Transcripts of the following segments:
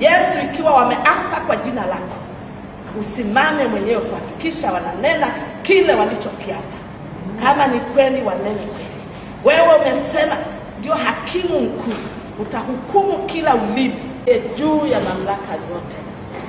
Yesu, ikiwa wameapa kwa jina lako, usimame mwenyewe kuhakikisha wananena kile walichokiapa. Kama ni kweli, wanene kweli. Wewe umesema ndio hakimu mkuu, utahukumu kila ulimi juu ya mamlaka zote.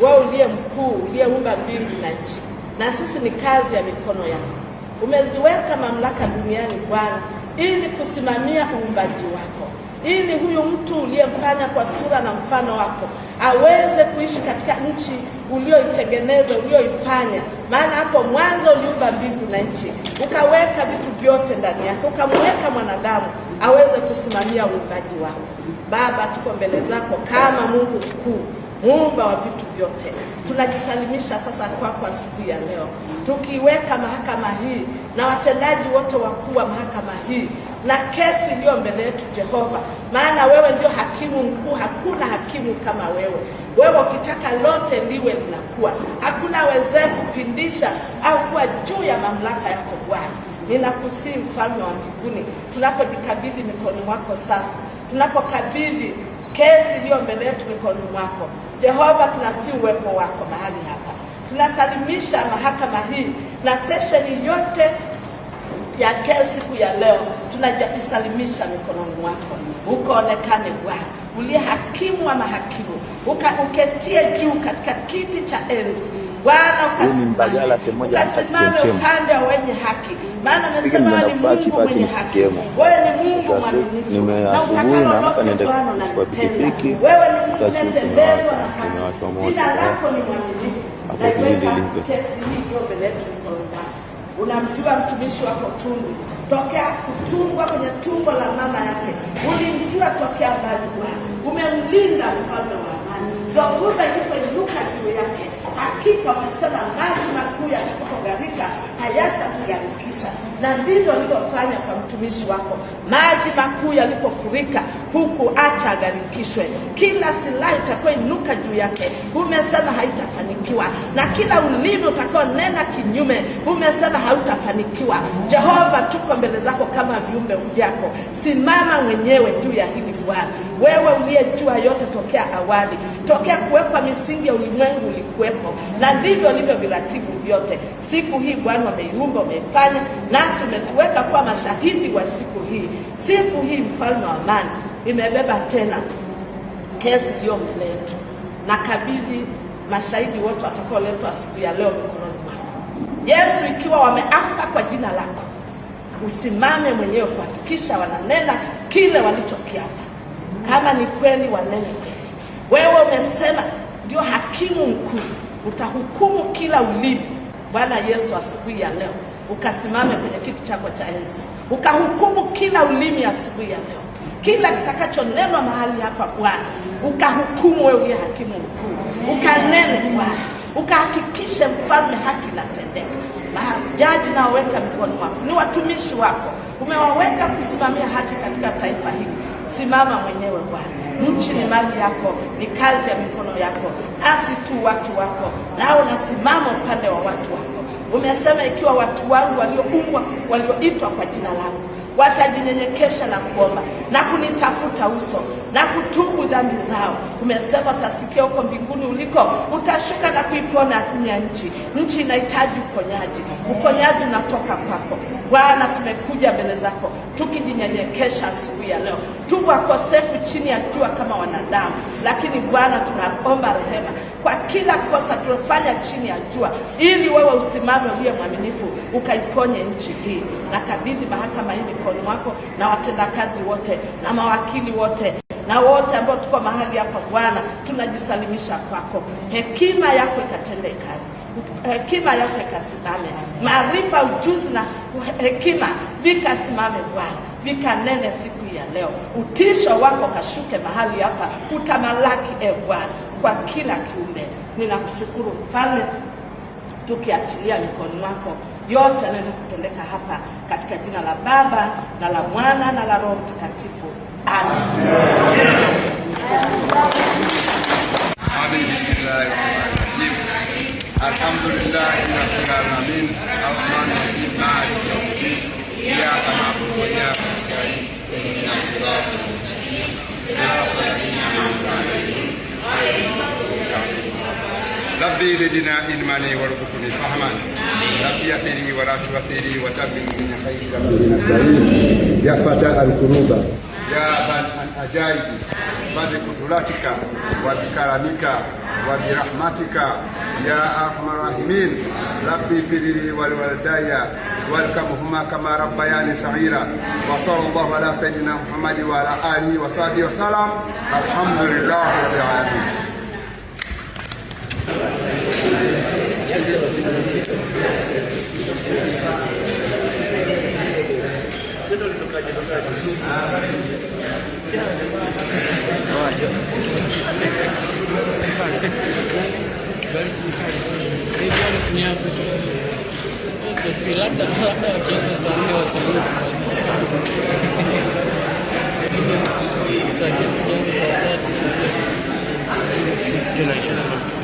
Wewe uliye mkuu, uliyeumba mbingu na nchi, na sisi ni kazi ya mikono yako. Umeziweka mamlaka duniani Bwana, ili kusimamia uumbaji wako ili huyu mtu uliyemfanya kwa sura na mfano wako aweze kuishi katika nchi ulioitengeneza ulioifanya. Maana hapo mwanzo uliumba mbingu na nchi, ukaweka vitu vyote ndani yake, ukamweka mwanadamu aweze kusimamia uumbaji wako. Baba, tuko mbele zako kama Mungu mkuu, muumba wa vitu vyote. Tunajisalimisha sasa kwako kwa siku ya leo, tukiweka mahakama hii na watendaji wote wakuu wa mahakama hii na kesi iliyo mbele yetu, Jehova, maana wewe ndio hakimu mkuu, hakuna hakimu kama wewe. Wewe ukitaka lote liwe linakuwa, hakuna wezee kupindisha au kuwa juu ya mamlaka yako. Bwana, Ninakusii mfalme wa mbinguni, tunapojikabidhi mikono mwako sasa, tunapokabidhi kesi iliyo mbele yetu mikononi mwako Jehova, tunasi uwepo wako mahali hapa. Tunasalimisha mahakama hii na sesheni yote ya kesi kuu ya leo, tunajisalimisha mikononi mwako. Ukaonekane Bwana, uliye hakimu wa mahakimu, uketie juu katika kiti cha enzi Bwana mbadala sehemu ukasimame upande wa wenye haki, maana amesema ni Mungu mwenye haki. Wewe ni Mungu mwaminifu na utakalolote Bwana unalitenda. Wewe ni Mungu unayependezwa na haki, jina eh? lako ni mwaminifu. Naiweka kesi hii Yobe letu Unamjua mtumishi wako Tundu tokea kutungwa kwenye tumbo la mama yake, ulimjua tokea mbali, Bwana umemlinda mfalme wa amani, ndio hakika wamesema maji makuu yatakapoganika hayatatugarikisha, na ndivyo alivyofanya kwa mtumishi wako. Maji makuu yalipofurika huku, acha agarikishwe. Kila silaha itakayoinuka juu yake umesema haitafanikiwa, na kila ulimi utakaonena kinyume umesema hautafanikiwa. Jehova, tuko mbele zako kama viumbe vyako, simama mwenyewe juu ya hili Bwana wewe uliyejua yote tokea awali, tokea kuwekwa misingi ya ulimwengu ulikuwepo, na ndivyo ulivyo viratibu vyote. Siku hii Bwana umeiumba, umeifanya, nasi umetuweka kuwa mashahidi wa siku hii. Siku hii, mfalme wa amani, imebeba tena kesi hiyo mbele yetu, na kabidhi mashahidi wote watakaoletwa siku ya leo mikononi mwako Yesu, ikiwa wameapa kwa jina lako, usimame mwenyewe kuhakikisha wananena kile walichokiapa kama ni kweli wanene kweli. Wewe umesema ndio hakimu mkuu, utahukumu kila ulimi. Bwana Yesu, asubuhi ya leo ukasimame kwenye kiti chako cha enzi, ukahukumu kila ulimi asubuhi ya leo, kila kitakachonenwa mahali hapa Bwana ukahukumu. Wewe uliye hakimu mkuu, ukanene Bwana, ukahakikishe mfalme, haki inatendeka. Majaji nawaweka mkono mwako, ni watumishi wako, umewaweka kusimamia haki katika taifa hili. Simama mwenyewe Bwana. Nchi ni mali yako, ni kazi ya mikono yako, asi tu watu wako, nao nasimama upande wa watu wako. Umesema, ikiwa watu wangu walioungwa, walioitwa kwa jina langu watajinyenyekesha na kuomba na kunitafuta uso na kutubu dhambi zao. Umesema utasikia huko mbinguni uliko, utashuka na kuipona ya nchi. Nchi inahitaji uponyaji, uponyaji unatoka kwako Bwana. Tumekuja mbele zako tukijinyenyekesha asubuhi ya leo, tu wakosefu chini ya jua kama wanadamu, lakini Bwana tunaomba rehema kwa kila kosa tulofanya chini ya jua, ili wewe usimame uliye mwaminifu ukaiponye nchi hii. Nakabidhi mahakama hii mikono mwako na watendakazi wote na mawakili wote na wote ambao tuko mahali hapa Bwana, tunajisalimisha kwako. Hekima yako ikatende kazi, hekima yako ikasimame, maarifa, ujuzi na hekima vikasimame Bwana, vikanene siku ya leo. Utisho wako kashuke mahali hapa, utamalaki e Bwana kwa kila kiumbe. Ninakushukuru Mfalme, tukiachilia mikono yako yote yanayotaka kutendeka hapa, katika jina la Baba na la Mwana na la Roho Mtakatifu. ربي زدنا علما وارزقني فهما ربي يثري ولا تؤثر وتمم من خير ربي نستعين يا فتاة القلوب يا بل العجائب بقدرتك وبكرمك وبرحمتك يا ارحم الراحمين ربي فيري لي والكمهما كما ربياني صغيرا وصلى الله على سيدنا محمد وعلى اله وصحبه وسلم الحمد لله رب العالمين Thank you. Sofia labda labda wakianza saa nne watalii kubali. Tutakiasi jana saa tatu tutaenda. Sisi tunaishana